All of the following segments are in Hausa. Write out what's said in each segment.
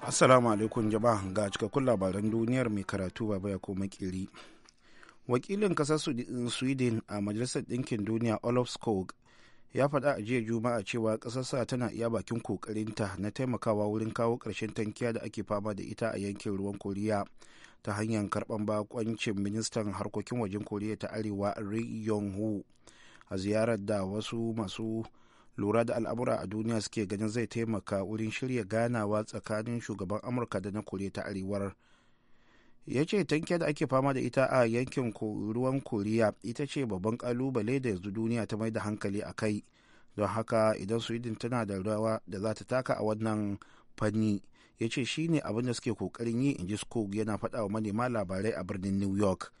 Assalamu alaikum jama'a ga cikakkun labaran duniyar mai karatu ba baya ko kiri. Wakilin kasar Sweden a Majalisar Ɗinkin Duniya Olaf Skog ya faɗa a jiya Juma'a cewa ƙasarsa tana iya bakin ƙoƙarinta na taimakawa wurin kawo ƙarshen tankiya da ake fama da ita a yankin ruwan Koriya ta hanyar karɓar bakoncin ministan harkokin wajen Koriya ta Arewa Ri Yong hu a ziyarar da wasu masu lura da al'amura a duniya suke ganin zai taimaka wurin shirya ganawa tsakanin shugaban amurka da na koriya ta arewar ya ce tanke da ake fama da ita a yankin ruwan koriya ita ce babban kalubale da yanzu duniya ta mai da hankali a kai don haka idan sweden tana da rawa da za ta taka a wannan fanni ya ce shi ne abin da suke kokarin yi in ji yana faɗa wa manema labarai a birnin new york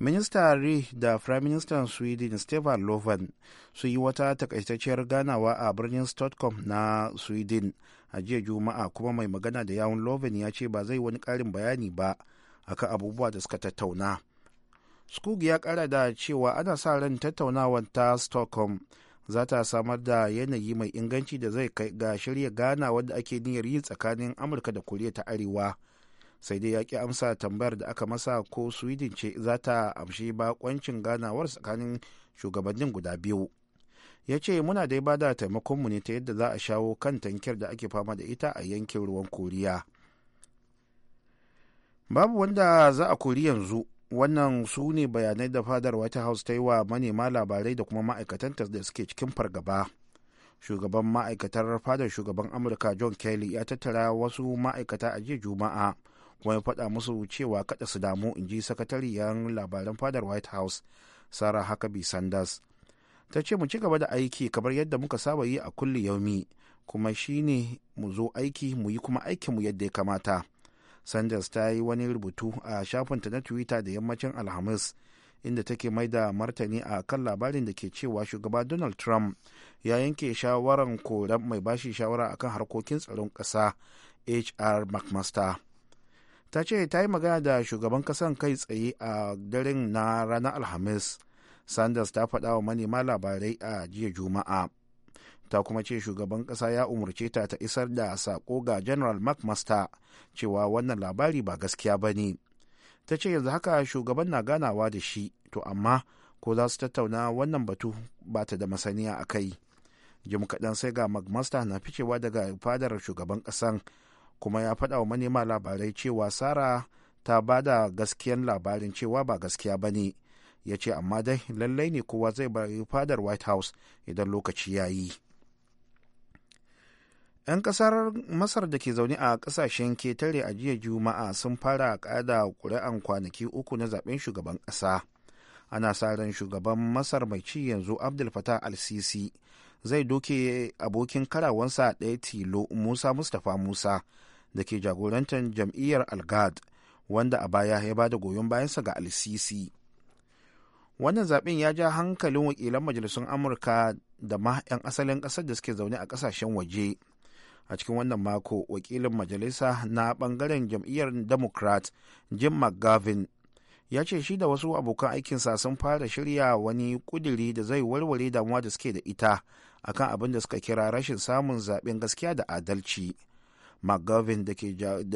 minista Ri da firaministan sweden stefan löfven su yi wata takaitacciyar ganawa a birnin stockholm na sweden a jiya juma'a kuma mai magana da yawun löfven ya ce ba zai wani ƙarin bayani ba a kan abubuwa da suka tattauna skug ya kara da cewa ana sa ran tattaunawar ta stockholm za ta samar da yanayi mai inganci da zai kai ga shirya ganawa da ake niyyar yi tsakanin amurka da koriya ta arewa sai dai ya ki amsa tambayar da aka masa ko sweden ce za ta amshi bakoncin ganawar tsakanin shugabannin guda biyu ya ce muna dai ba da taimakonmu ne ta yadda za a shawo kan tankiyar da ake fama da ita a yankin ruwan koriya babu wanda za a kori yanzu wannan su ne bayanai da fadar white house ta yi wa manema labarai da kuma ma'aikatanta da suke cikin fargaba shugaban ma'aikatar fadar shugaban amurka john kelly ya tattara wasu ma'aikata a jiya juma'a kuma ya faɗa musu cewa kada su damu in ji sakatariyar labaran fadar white house sarah huckabee sanders ta ce mu ci gaba da aiki kamar yadda muka saba yi a kulli yaumi kuma shine mu zo aiki mu yi kuma mu yadda ya kamata sanders ta yi wani rubutu a shafinta na twitter da yammacin alhamis inda take mai da martani a kan labarin da ke cewa shugaba donald trump ya yanke shawarar koran mai bashi shawara akan harkokin tsaron kasa hr mcmaster ta ce ta yi magana da shugaban kasan kai tsaye a daren na ranar alhamis sanders ta faɗa wa manema labarai a jiya juma'a ta kuma ce shugaban ƙasa ya umarce ta ta isar da sako ga general mcmaster cewa wannan labari ba gaskiya ba ne ta ce yanzu haka shugaban na ganawa da shi to amma ko za su tattauna wannan batu ba ta da masaniya a kai jim kaɗan sai ga mcmaster na ficewa daga fadar shugaban ƙasan kuma ya faɗa wa manema labarai cewa sara ta ba da gaskiyan labarin cewa ba gaskiya ba ne ya ce amma dai lallai ne kowa zai bari fadar white house idan lokaci ya yi 'yan kasar masar da ke zaune a kasashen ketare a jiya juma'a sun fara kada kuri'an kwanaki uku na zaben shugaban ƙasa ana sa ran shugaban masar mai ci yanzu abdul fatah al-sisi zai doke abokin karawansa ɗaya tilo musa mustapha musa da ke jagorantar jam'iyyar algad wanda a baya ya bada goyon bayansa ga al wannan zaben ya ja hankalin wakilan majalisun amurka da ma 'yan asalin ƙasar da suke zaune a ƙasashen waje a cikin wannan mako wakilin majalisa na bangaren jam'iyyar democrat jim mcgavin ya ce shi da wasu abokan aikinsa sun fara shirya wani kuduri da zai warware damuwa da suke da ita akan abin da suka kira rashin samun zaben gaskiya da adalci mcgovern da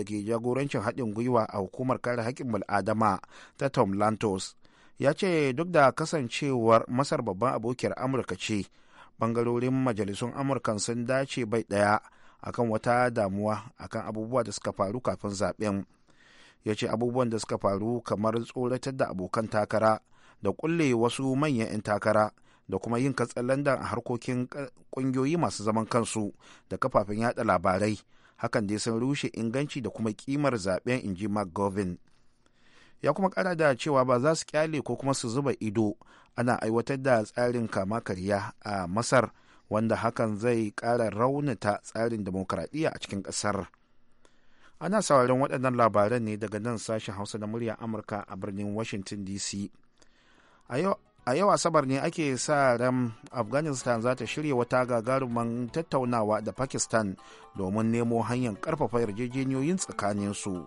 ke jagorancin haɗin gwiwa a hukumar kare haƙƙin mul'adama ta tom lantos ya ce duk da kasancewar masar babban abokiyar amurka ce bangarorin majalisun amurkan sun dace bai ɗaya akan wata damuwa akan abubuwa da suka faru kafin zaɓen ya ce abubuwan da suka faru kamar tsoratar da abokan takara da kulle wasu manyan 'yan takara da kuma yin katsalandan a harkokin ƙungiyoyi masu zaman kansu da kafafen yada labarai hakan dai sun rushe inganci da kuma kimar zaben inji mcgovern ya kuma kara da cewa ba za su kyale ko kuma su zuba ido ana aiwatar da tsarin kama karya a masar wanda hakan zai kara raunata tsarin demokradiyya a cikin kasar ana sauraron waɗannan labaran ne daga nan sashen hausa na murya amurka a birnin washington dc a yau a yau asabar ne ake sa ran afghanistan za ta shirya wata gagarumin tattaunawa da pakistan domin nemo hanyar karfafa yarjejeniyoyin tsakaninsu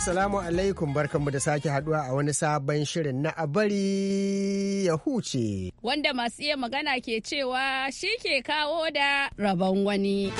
Assalamu alaikum barkanmu da sake haduwa a wani sabon shirin na abari ya huce. Wanda masu iya magana ke cewa shi ke kawo da rabon wani.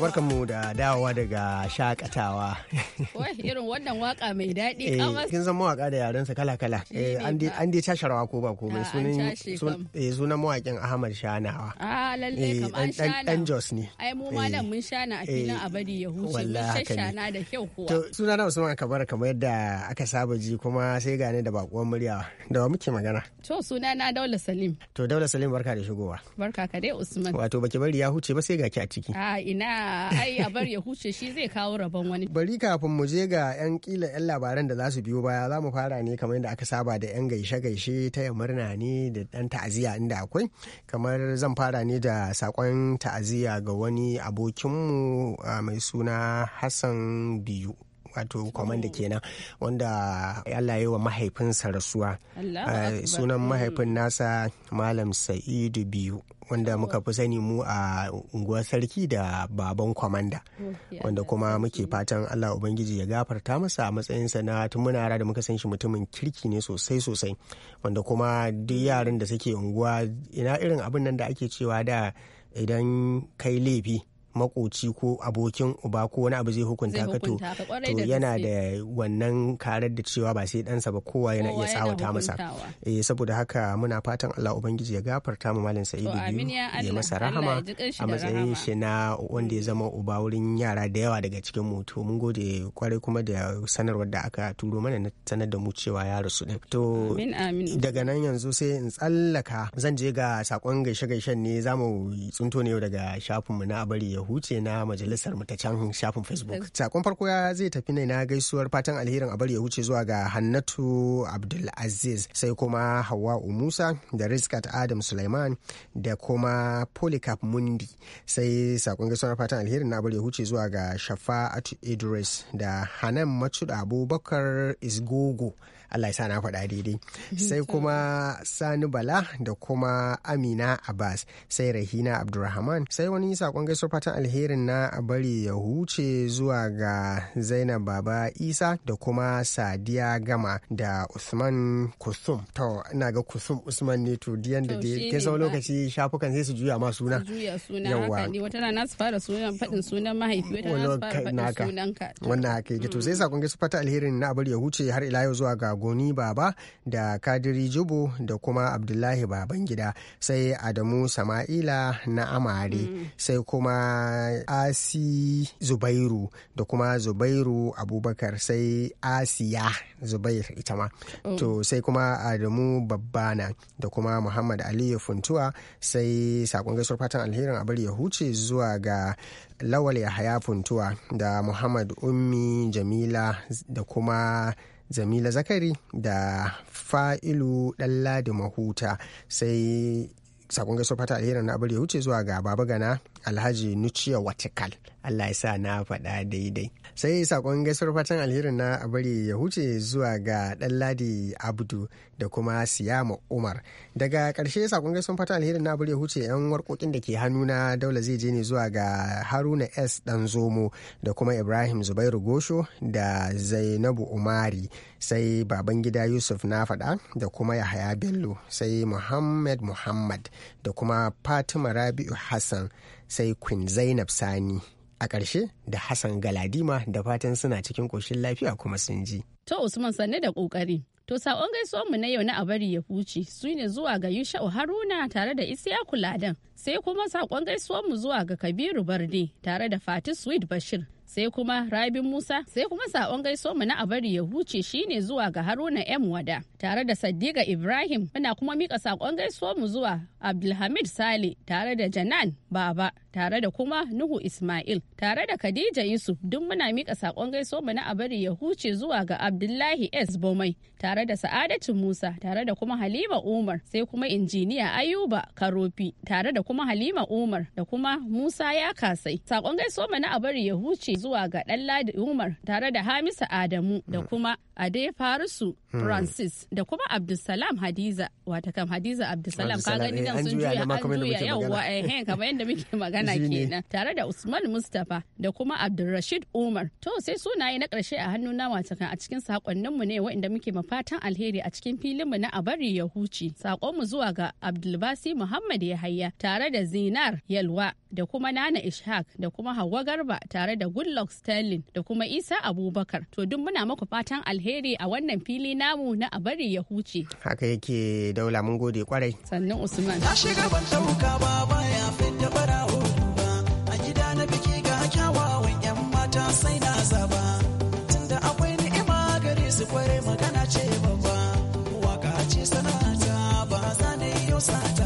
barkanmu da dawowa daga shakatawa. Wai irin wannan waka mai daɗi eh, kamas. Kin san mawaka da yarensa kala-kala. Eh, an dai cashe rawa ko ba komai sunan eh, mawakin Ahmad Shanawa. Ah lalle kam an shana. Dan Jos ne. Ai mu ma nan mun shana a filin Abadi ya huce mun na da kyau kuwa. To suna na Usman Kabar kamar yadda aka saba ji kuma sai gane da bakuwan murya da wa muke magana. To suna na Daula Salim. To Daula Salim barka da shigowa. Barka ka dai Usman. Wato baki bari ya huce ba sai ga ki a ciki. Ah ina ai a bar ya huce shi zai kawo rabon wani bari kafin mu je ga yan kila yan labaran da za su biyo baya za mu fara ne kamar da aka saba da yan gaishe gaishe ta murna ne da dan ta'aziyya inda akwai kamar zan fara ne da sakon ta'aziyya ga wani abokinmu mai suna Hassan Biyu wato kwamanda kenan wanda Allah ya yi wa mahaifinsa rasuwa eh, sunan mm. mahaifin nasa malam sa'idu biyu wanda muka oh. fi sani mu a unguwar sarki da baban kwamanda oh, wanda kuma muke fatan allah ubangiji ya gafarta masa a matsayinsa na tun muna ra da muka san shi mutumin kirki ne sosai sosai wanda kuma duk mm. yaran da suke unguwa ina irin abin nan da ake cewa da idan kai laifi makoci ko abokin uba ko wani abu zai hukunta ka to yana da wannan karar da cewa ba sai ɗansa ba kowa yana iya tsawata masa eh saboda haka muna fatan Allah ubangiji ya gafarta mu malam Sa'idu biyu ya masa rahama a matsayin shi na wanda ya zama uba wurin yara da yawa daga cikin mu to mun gode kwarai kuma da sanarwar da aka turo mana na sanar da mu cewa ya rasu din to daga nan yanzu sai in tsallaka zan je ga sakon gaishe-gaishen ne zamu tsunto ne daga shafin mu na abari ya huce na majalisar mu ta can shafin facebook sakon farko ya zai tafi ne na gaisuwar fatan alherin a bar ya huce zuwa ga hannatu abdulaziz sai kuma hawa musa da rizkat adam suleiman da kuma polycarp mundi sai sakon gaisuwar fatan alherin na bar ya huce zuwa ga shafa'atu idris da hanan macuda abubakar isgogo Allah ya sa na faɗa daidai sai kuma Sani Bala da kuma Amina Abbas sai Rahina Abdulrahman sai wani sakon gaisuwar fatan alherin na a bari ya huce zuwa ga Zainab Baba Isa da kuma Sadiya Gama da Usman Kusum to ina ga Kusum Usman ne to diyan da ke sau lokaci shafukan sai su juya ma suna juya suna haka ne wata na nasu fara sunan faɗin sunan mahaifi wata na su fara faɗin sunan ka wannan haka yake to sai mm. sakon gaisuwar fatan alherin na a bari ya huce har ila yau zuwa ga goni baba da kadiri jubo da kuma abdullahi babangida sai adamu sama'ila na amare mm. sai kuma asi zubairu da kuma zubairu abubakar sai asiya zubair ita ma mm. to sai kuma adamu babbana da kuma muhammad aliyu funtuwa sai sakon gaisuwar fatan alherin abar ya huce zuwa ga lawal yahaya funtuwa da muhammad ummi jamila da kuma Jamila Zakari da Fa'ilu Ɗanladi Mahuta sai sakon gaisuwar fata alherin na abar ya wuce zuwa ga Babu gana alhaji nuciya watikal allah ya sa na faɗa daidai sai saƙon gaisuwar fatan alherin na a bari ya huce zuwa ga ɗanladi abdu da kuma siyama umar daga ƙarshe sakon gaisuwar fatan alherin na bari ya huce yan warƙoƙin da ke hannu na daula zai je ne zuwa ga haruna s dan zomo da kuma ibrahim zubairu gosho da zainabu umari sai Babangida yusuf na faɗa da kuma yahaya bello sai muhammad muhammad da kuma fatima rabi'u hassan sai queen zainab sani a ƙarshe da hassan galadima da fatan suna cikin ƙoshin lafiya kuma sun ji to usman sanne da ƙoƙari to saƙon mu na yau na abari ya huce su ne zuwa ga yusha'u haruna tare da isiyaku ladan sai kuma saƙon mu zuwa ga kabiru barde tare da fatih sweet bashir sai kuma rabin musa sai kuma saƙon gaiso mu na abari ya huce shine zuwa ga haruna m wada tare da sadiga ibrahim muna kuma mika sakon gaiso mu zuwa abdulhamid sale tare da janan baba tare da kuma nuhu ismail tare da khadija yusuf duk muna mika sakon gaiso mu na abari ya huce zuwa ga abdullahi s bomai tare da sa'adatu musa tare da kuma halima umar sai kuma injiniya ayuba karofi tare da kuma halima umar da kuma musa ya kasai sakon gaiso mu na abari ya huce zuwa ga ɗan ladi Umar tare da Hamisu Adamu da hmm. kuma Ade Farisu hmm. Francis da kuma Abdulsalam Hadiza wata kam Hadiza Abdulsalam ka gani eh, nan sun juya an juya yawwa eh, eh kamar yadda muke magana kenan tare da Usman Mustapha da kuma Abdulrashid Umar to sai sunaye na ƙarshe a hannun na wata kan a cikin sakonnin mu ne waɗanda muke ma fatan alheri a cikin filin mu na Abari ya huce sakon mu zuwa ga Abdulbasi Muhammad Yahaya tare da Zinar Yalwa da kuma Nana Ishaq da kuma Hauwa Garba tare da Goodluck Sterling da kuma Isa Abubakar. To duk muna maku fatan alheri a wannan fili namu na a bari ya huce. Haka yake daula mun gode kwarai. Sannan Usman. Na shiga ban dauka ba baya fidda barawo ba. A gida na biki ga kyawawan yan mata sai na zaba. Tunda akwai ni'ima gare su kwarai magana ce babba. Waka ce sana'ata ba za na yau sata.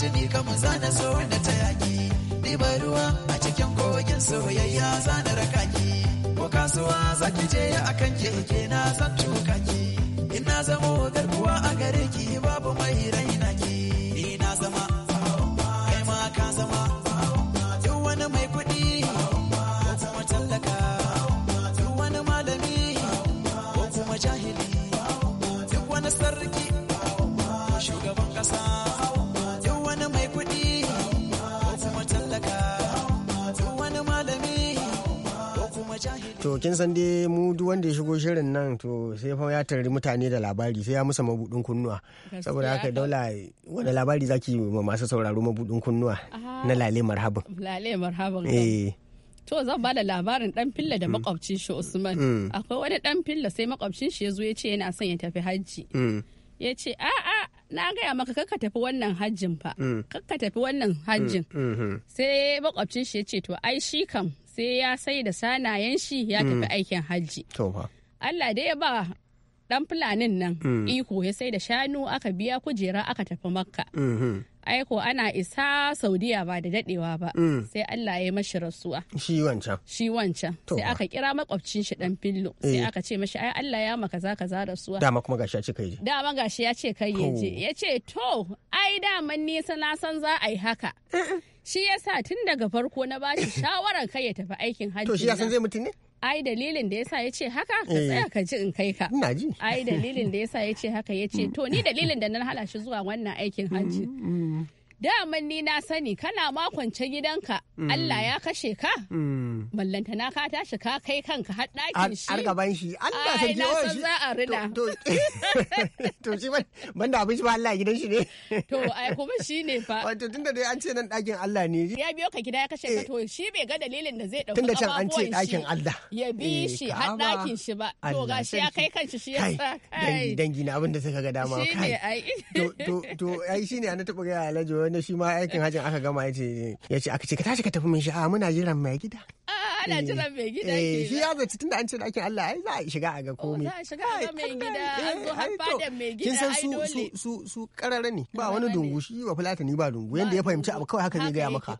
tuni kamun zana so da ta yaki ɗiba ruwa a cikin kogin soyayya zana rakaki ko kasuwa zaki je akan keke na zan tuka ki ina zamo garkuwa a gare ki babu mai raina ki To kin san dai mu duk wanda ya shigo shirin nan to sai fa ya tarari mutane da labari sai ya musa mabudin kunnuwa. Saboda haka daula wani labari zaki ma masu sauraro mabudin kunnuwa na lale marhaban. Lale marhaban. Eh. To zan ba da labarin dan filla da mm. makwabcin shi Usman. Mm. Akwai wani dan filla sai makwabcin shi ya zo ya ce yana son ya tafi hajji. Mm. Ya ce a'a na gaya maka kakka tafi wannan hajjin fa kakka tafi wannan hajjin mhm. sai makwabcin shi ya ce to ai shi kam sai ya sai da sanayen shi ya mm. tafi aikin hajji Allah dai ba ɗan fulanin nan mm. iko ya sai da shanu aka biya kujera aka tafi makka mm-hmm. aiko ana isa saudiya ba da dadewa ba mm. sai allah ya mashi rasuwa shi wancan shi wancan sai aka kira makwabcin shi dan fillo sai eh. aka ce mashi ai allah ya maka zaka za rasuwa dama kuma gashi ya ce kai je dama gashi ya ce kai je ya ce to ai daman nisa na san za a yi haka shi yasa tun daga farko na bashi shawarar kai ya tafi aikin hajji to shi ya san zai mutune ai dalilin da yasa ya ce haka ka eh. tsaya ka ji in kai ka ai dalilin da yasa ya ce haka ya ce to ni mm. dalilin da na hala shi zuwa wannan aikin mm, hajji mm. daman ni na sani kana ce gidanka Allah ya kashe ka Mallanta na ka tashi ka kai kanka har ɗakin shi har gaban shi Allah sai ji shi za a rina to shi ban da abin shi ba Allah gidan shi ne to ai kuma shi ne fa wato da dai an ce nan ɗakin Allah ne ya biyo ka gida ya kashe ka eh. to shi bai ga dalilin da zai tun da can an ce ɗakin Allah ya bi eh, shi har ɗakin shi ba to ga shi ya kai kanshi shi ya sa kai dangi na abin da suka ga dama kai to to to ai ne ana taɓa gaya Alhaji wanda shi ma aikin hajin aka gama yace yace aka ce ka tashi ka tafi min sha'a muna jiran mai gida Ah, ana jiran eh, mai gida eh, ke shi ya zaci da an ce ɗakin Allah ai za a shiga a ga oh, komai za a shiga a ga mai gida an eh, zo har fadan mai gida ai dole su su karara ne ba wani dungu shi ba fulata ni ba dungu yanda ya fahimci abu kawai haka zai gaya maka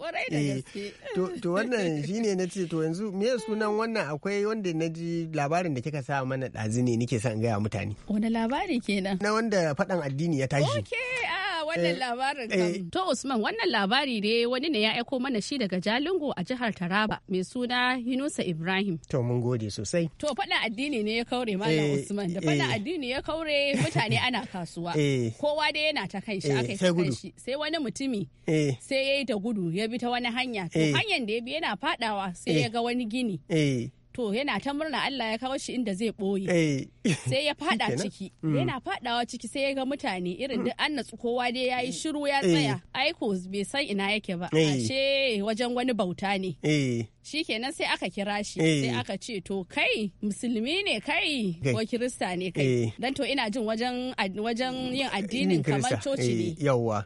to to wannan shine na ce to yanzu me sunan wannan akwai wanda na ji labarin da kika sa mana ɗazu ne nike son gaya mutane wani labari kenan na wanda faɗan addini ya tashi okay ah, wannan eh, labarin eh. To Usman wannan labari ne wani ne ya aiko mana shi daga Jalingo a jihar Taraba mai suna Yunusa Ibrahim. To mun gode sosai. To faɗa addini ne ya kaure mallam eh, Usman da faɗa addini ya kaure mutane ana kasuwa. Kowa dai yana ta kan shi aka ta shi sai wani mutumi sai ya yi da gudu ya bi ta wani hanya. To hanyar da ya bi yana faɗawa sai ya ga wani gini. to yana ta murna Allah ya kawo shi inda zai boye eh. sai ya fada ciki mm. yana fadawa ciki sai ya ga mutane irin duk an natsu kowa dai yi shiru ya eh. tsaya aiko bai san ina yake ba eh. ashe wajen wani bauta ne shi kenan sai aka kira shi sai aka ce to kai musulmi ne kai ko kirista ne kai dan to ina jin wajen wajen yin addinin kamar coci ne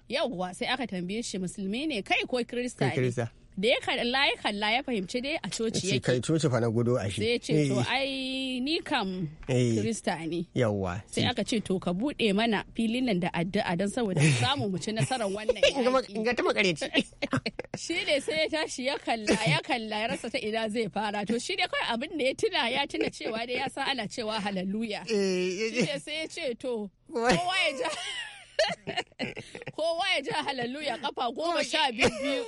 yawwa sai aka tambaye shi musulmi ne kai ko kirista ne da ya kalla ya kalla ya fahimci dai a coci yake kai coci fa na gudu a shi sai ce to eh. ai ni kam eh. krista ne yawa sai aka ce to ka bude mana filin nan da addu'a dan saboda samu mu ci nasarar wannan in ga ta makareci shi ne sai ya tashi ya kalla ya kalla ya rasa ta ina zai fara to shi ne kawai abin da ya tuna ya tuna cewa dai ya sa ana cewa haleluya eh, shi ne sai ya ce to kowa ya ja kowa ya ja halalluya kafa goma sha biyu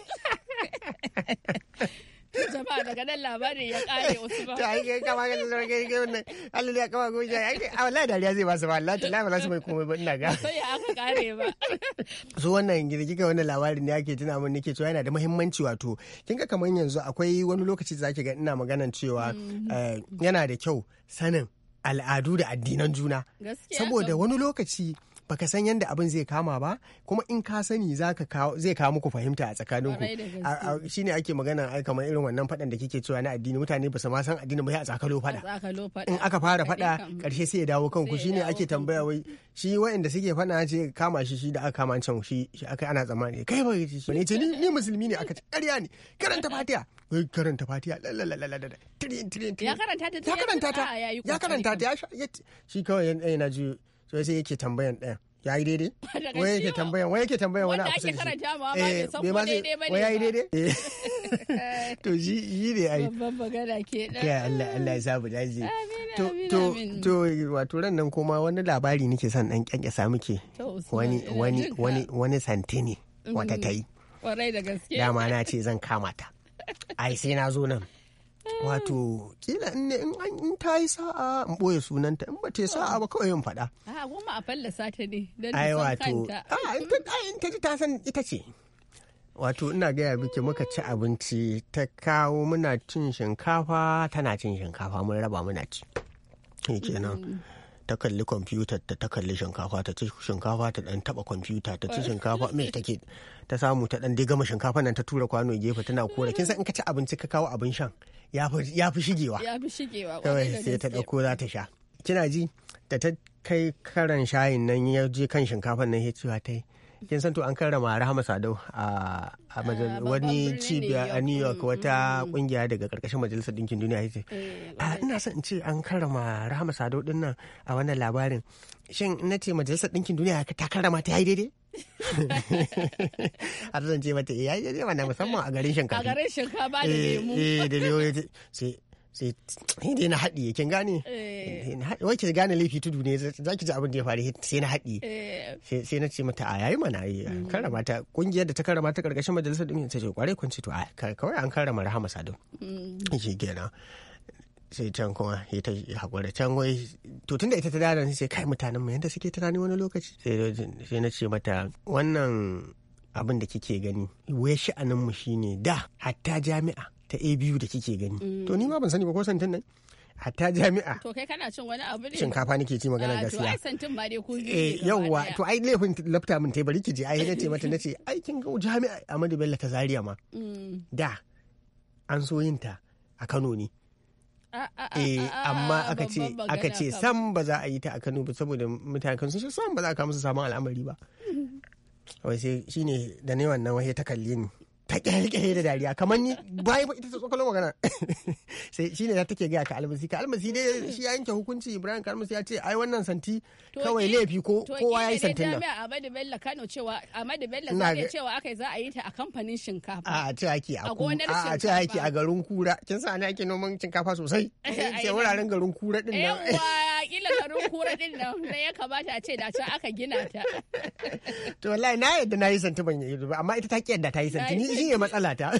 jama'a daga nan labarin ya kare wasu ake kama ga nake cewa yana da muhimmanci wato kin ga kamar yanzu akwai wani lokaci zaki ga ina maganan cewa mhm. eh, yana da kyau sanin al'adu da addinan juna. Saboda wani lokaci baka san yadda abin zai kama ba kuma in ka sani zai kawo muku fahimta a tsakanin ku shine ake magana ai kamar irin wannan fadan da kike cewa na addini mutane ba su ma san addini ba sai a tsakalo fada in aka fara fada karshe sai ya dawo kanku shine ake tambaya wai shi waɗanda suke fada ce kama shi shi da aka kama can shi aka ana tsammani kai ba shi ne ce ni musulmi ne aka ce ƙarya ne karanta fatiha karanta fatiha lalalala tirin tirin ya karanta ta ya karanta ta ya shi kawai yana eh, ji so sai yake tambayan ɗaya ya yi daidai wai yake tambayan wai yake tambayan wani abu sai karanta ma ba eh, wai ya yi daidai to ji yi ne ai babban magana ke dan ya Allah Allah ya sabu daji to to wato ran nan kuma wani labari nake son dan kyankyasa muke wani wani wani wani santini wata mm. tai kwarai da gaske dama na ce zan kama ta ai sai na zo nan wato kila in ne in ta yi sa'a in ɓoye sunanta in ba ta yi sa'a ba kawai yin faɗa. A goma a fallasa ta ne don ta san kanta. A in ta ji ta san ita ce. Wato ina gaya miki muka ci abinci ta kawo muna cin shinkafa tana cin shinkafa mun raba muna ci. Kenan. Mm. ta kalli kwamfutar ta ta kalli shinkafa ta ci shinkafa ta dan taba kwamfuta ta ci shinkafa me take ta samu ta dan dai gama shinkafa nan ta tura kwano gefe tana kora kin san in ka ci abinci ka kawo abin shan ya fi shigewa ya fi shigewa kawai sai ta dauko za ta sha kina ji da ta kai karan shayin nan ya je kan shinkafa nan ya cewa ta yi kin san to an karrama rahama sadau a ah, wani cibiya a new york wata mm, mm. kungiya daga karkashin majalisar dinkin duniya yace eh, ah, ina son in ce an karrama rahama sadau din nan a wannan labarin shin na ce majalisar dinkin duniya ta karrama ta yi daidai har zan ce mata eh, ya yi daidai wannan musamman a garin shinkafa a garin shinkafa da eh, lemu eh da lemu sai Eh. sai dai na haɗi kin gane wai ki gane laifi tudu ne za ki ji abin da ya faru sai na haɗi eh. sai na ce mata a yayi mana yi mm. karrama ta kungiyar da ta karrama ta karkashin majalisar ɗin ta ce kwarai kun ce to kawai an karrama rahama sadau mm. shi kenan sai can kuma ya ta haƙura can wai to tunda ita ta dada sai kai mutanen mu yadda suke tunani wani lokaci sai na ce mata wannan abin da kike gani wai sha'anin mu shine da hatta jami'a ta A biyu da kike gani mm. to ni ma ban sani ba ko santin nan hatta jami'a to kai kana cin wani abu ne shinkafa nake ci magana ah, gaskiya to ai santin ma dai kun eh yawa to ai laifin lafta mun tai bari ki je ai ce mata nace ai kin ga jami'a Ahmadu Bello ta Zaria ma mm. da an so yin ta a Kano ne ah, ah, eh amma aka ce aka ce sam ba za a yi ta a Kano ba saboda mutane sun san ba za a kawo musu samun al'amari ba wai sai shine da ne wannan wai ta kalle ni ta kyalkyale da dariya kamar ni bai ba ita ta tsokalo magana sai shine ta take ga ka almasi ka almasi dai shi ya yanke hukunci ibrahim ka almasi ya ce ai wannan santi kawai laifi ko kowa ya yi santi nan to Ahmadu Bello Kano cewa Ahmadu Bello zai cewa akai za a yi ta a kamfanin shinkafa a ci ake a gonar shinkafa a ci ake a garin kura kin sa ana ake noman shinkafa sosai sai wuraren garin kura din nan kila garin kura din nan da ya kamata a ce da can aka gina ta to wallahi na yadda na yi santi ban yi ba amma ita ta ki yadda ta yi santi ni shi ne matsala ta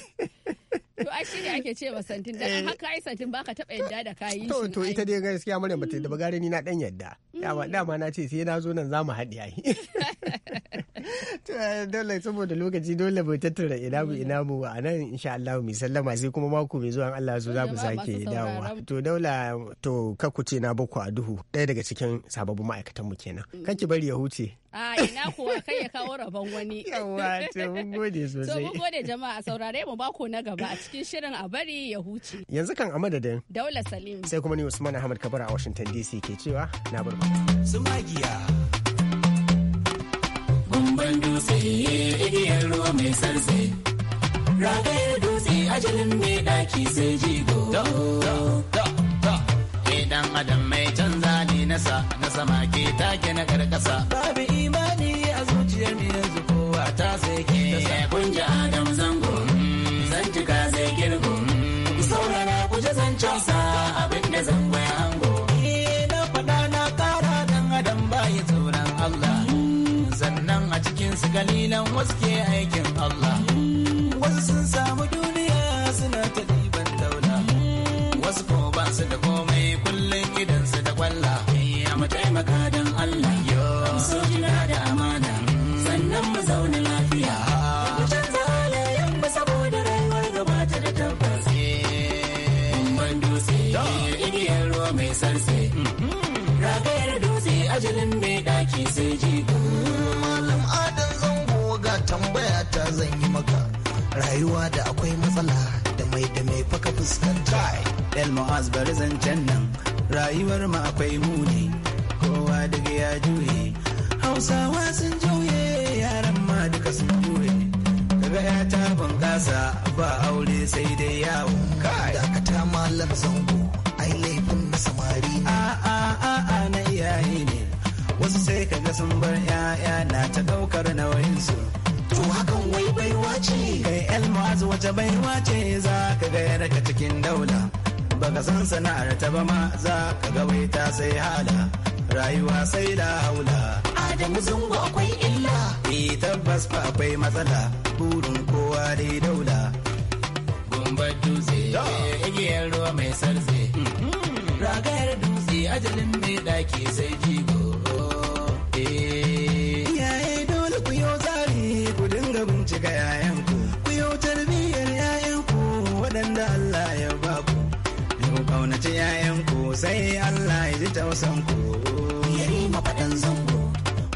to a shi ne ake ce wa santin da eh. haka ai santin baka taba yadda da kayi to to ita dai gaskiya Maryam bata da bagare ni na dan yadda mm. dama na ce sai na zo nan zamu haɗi ai dole saboda lokaci dole bai tattara ina mu ina mu a nan insha Allah mu sallama sai kuma mako mai zuwa Allah zo za mu sake dawowa to daula to ka ku ce na boko a duhu ɗaya daga cikin sababbin ma'aikatan mu kenan ki bari ya huce a ina kuwa kai ya kawo rabon wani yawa to mun gode sosai to mun gode jama'a saurare mu bako na gaba a cikin shirin a bari ya huce yanzu kan a madadin daula salim sai kuma ni Usman Ahmad Kabara a Washington DC ke cewa na bar su magiya hawan dutse igiyar ruwa mai sarse ragayar dutse ajalin mai daki sai jigo dan adam mai canza ne nasa na sama ke take na karkasa wasu ke aikin Allah wasu sun samu duniya suna ta ɗiban wasu ko ba su da komai kullum idan su da kwalla ya mu don Allah yo so jina da amana sannan mu zauna lafiya mu canza halayen ba saboda rayuwar gaba ta da tabbas mun dutse igiyar ruwa mai sarse mm-hmm. ragayar dutse ajalin mai daki sai rayuwa da akwai matsala da mai da mai faka fuskanta el mu'az bari zancen nan rayuwar mu akwai muni kowa daga ya juye hausawa sun juye yaran ma duka sun juye. daga ya ta bunƙasa ba aure sai dai yawo da aka ta malam zango ai laifin na samari ne a a a na iyaye ne wasu sai kaga sun bar 'ya'ya na ta ɗaukar nauyinsu ce kai elmuaz wace baiwa ce za ka ga yarka cikin daula baka san sana'ar ta ba ma za ka ga wai ta sai hala rayuwa sai da haula adamu zungo akwai illa eh tabbas fa akwai matsala burin kowa dai daula gumba dutse igiyar ruwa mai sarze mm-hmm. ragayar dutse ajalin mai daki sai jigo eh sai Allah ya ji tausan ku. Yari mafaɗan zango,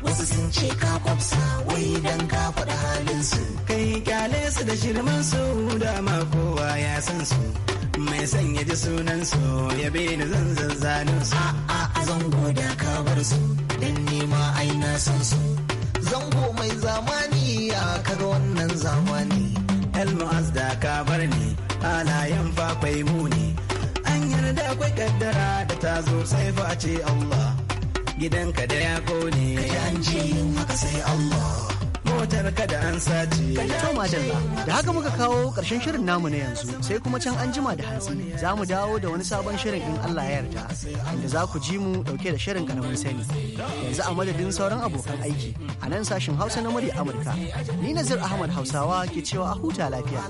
wasu sun ce ka kwafsa wai dan ka faɗi halin su. Kai kyale su da shirman su dama kowa ya san su. Mai son ya ji sunan su ya bi ni zan su. A'a a zango da ka bar su, dan nema ai na san su. Zango mai zamani A kaga wannan zamani. El Mu'az da ka bar ni, halayen fa mu ne. da akwai kaddara da ta zo sai face a ce Allah gidanka da ya kone ka ji haka sai Allah motar ka da an sace. To madalla, da haka muka kawo karshen shirin namu na yanzu sai kuma can an jima da hantsi za mu dawo da wani sabon shirin in Allah ya yarda inda za ku ji mu ɗauke da shirin karamin sani. Yanzu a madadin sauran abokan aiki a nan sashin Hausa na murya Amurka. Ni Nazir Ahmad Hausawa ke cewa a huta lafiya.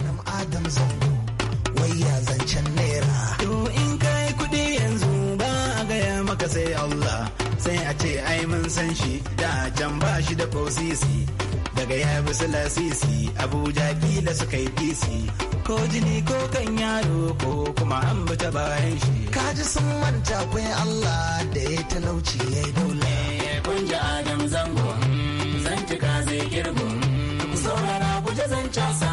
wayya zancen naira to in kai kuɗi yanzu ba a gaya maka sai Allah sai a ce ai mun san shi da can ba shi da fosisi daga ya su lasisi abuja kila suka yi pc ko jini ko kan yaro ko kuma an bata bayan shi kaji sun manta kwai allah da ya talauci ya yi daula eh, eh, kunji adam zango hmm, Zan cika zai girgo saurara buje zan casa